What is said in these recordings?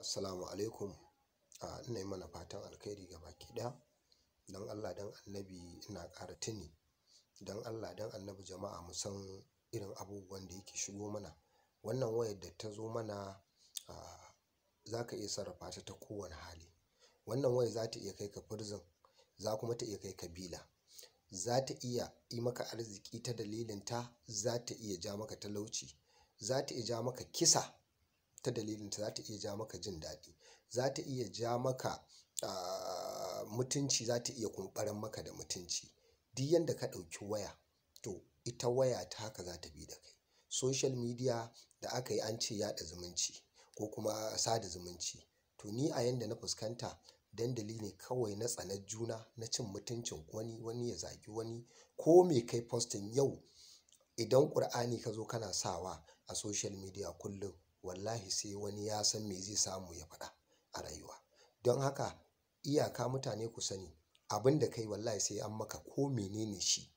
Assalamu alaikum. ina yi mana fatan alkhairi ga baki ɗaya. don Allah don Annabi ina ƙara tuni. Don Allah don Annabi jama'a mu san irin abubuwan da yake shigo mana. Wannan wayar da ta zo mana za ka iya sarrafa ta ta kowane hali. Wannan wayar za ta iya kai ka firzin za kuma ta iya kai ka Za ta iya yi maka arziki ta dalilin ta, za ta iya ja maka talauci, za ta iya ja maka kisa. ta dalilinta za ta iya ja maka jin daɗi za ta iya ja maka mutunci za ta iya kumɓarar maka da mutunci duk yadda ka ɗauki waya to ita waya ta haka za ta bi da kai social media da aka yi an ce yaɗa zumunci ko kuma sada zumunci to ni a yanda na fuskanta dandali ne kawai na tsanar juna na cin mutuncin wani wani ya zagi wani ko me kai posting yau idan ƙur'ani ka zo kana sawa a social media kullum wallahi sai wani ya san me zai samu ya faɗa a rayuwa don haka iyaka mutane ku sani abin da kai wallahi sai an maka ko menene shi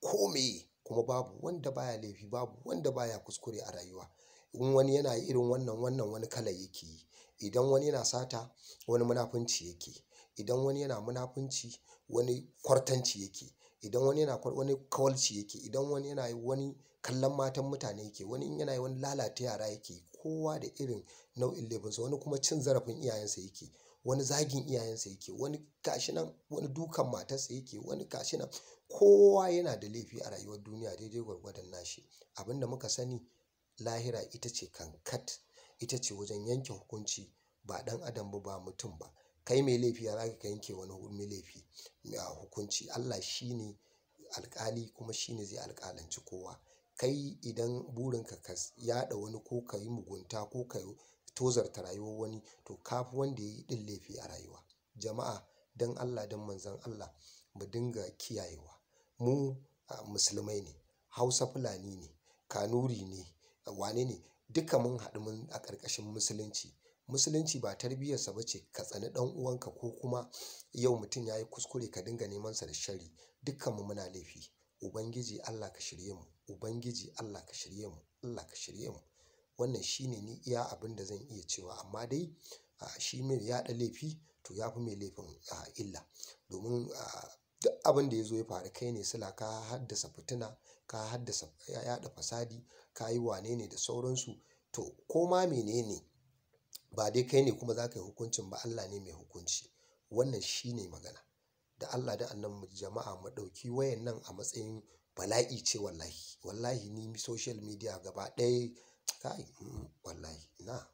ko me? kuma babu wanda baya laifi babu wanda baya kuskure a rayuwa in wani yana irin wannan wannan wani kala yake yi idan wani yana sata wani munafunci yake idan wani yana munafunci wani kwartanci yake Idan wani yana wani kawalci yake, idan wani yana wani kallon matan mutane yake, wani in yana wani lalata yara yake. Kowa da irin nau'in laifinsa. Wani kuma cin zarafin iyayensa yake, wani zagin iyayensa yake, wani gashi nan, wani dukan matarsa yake, wani gashi nan. Kowa yana da laifi a rayuwar duniya daidai gwargwadon nashi. abinda muka sani lahira ita ce kankat, ita ce wajen yanke hukunci. Ba ɗan adam ba, ba mutum kai mai laifi ya ka yanke wani mai laifi hukunci Allah shine alkali kuma shine zai alkalanci kowa kai idan burinka ka yada wani ko ka yi mugunta ko ka tozarta rayuwa wani to kafi wanda ya yi ɗin laifi a rayuwa jama'a don Allah don manzon Allah mu dinga kiyayewa mu musulmai ne hausa fulani ne kanuri ne wane ne duka mun haɗu mun a ƙarƙashin musulunci musulunci ba tarbiyyarsa ba ce ka tsani ɗan uwanka ko kuma yau mutum ya yi kuskure ka dinga neman sa da shari dukkanmu muna laifi ubangiji Allah ka shirye mu ubangiji Allah ka shirye mu Allah ka shirye mu wannan shi ne ni iya abin da zan iya cewa amma dai shi mai yaɗa laifi to ya fi mai laifin illa domin duk abin da ya zo ya faru kai ne sila ka haddasa fitina ka haddasa yaɗa fasadi ka yi wane ne da sauransu to ko ma menene ba dai kai ne kuma za ka yi hukuncin ba Allah ne mai hukunci wannan shi ne magana da Allah da annan jama'a mu ɗauki wayan nan a matsayin bala'i ce wallahi wallahi ni social media gaba ɗaya kai mm, wallahi na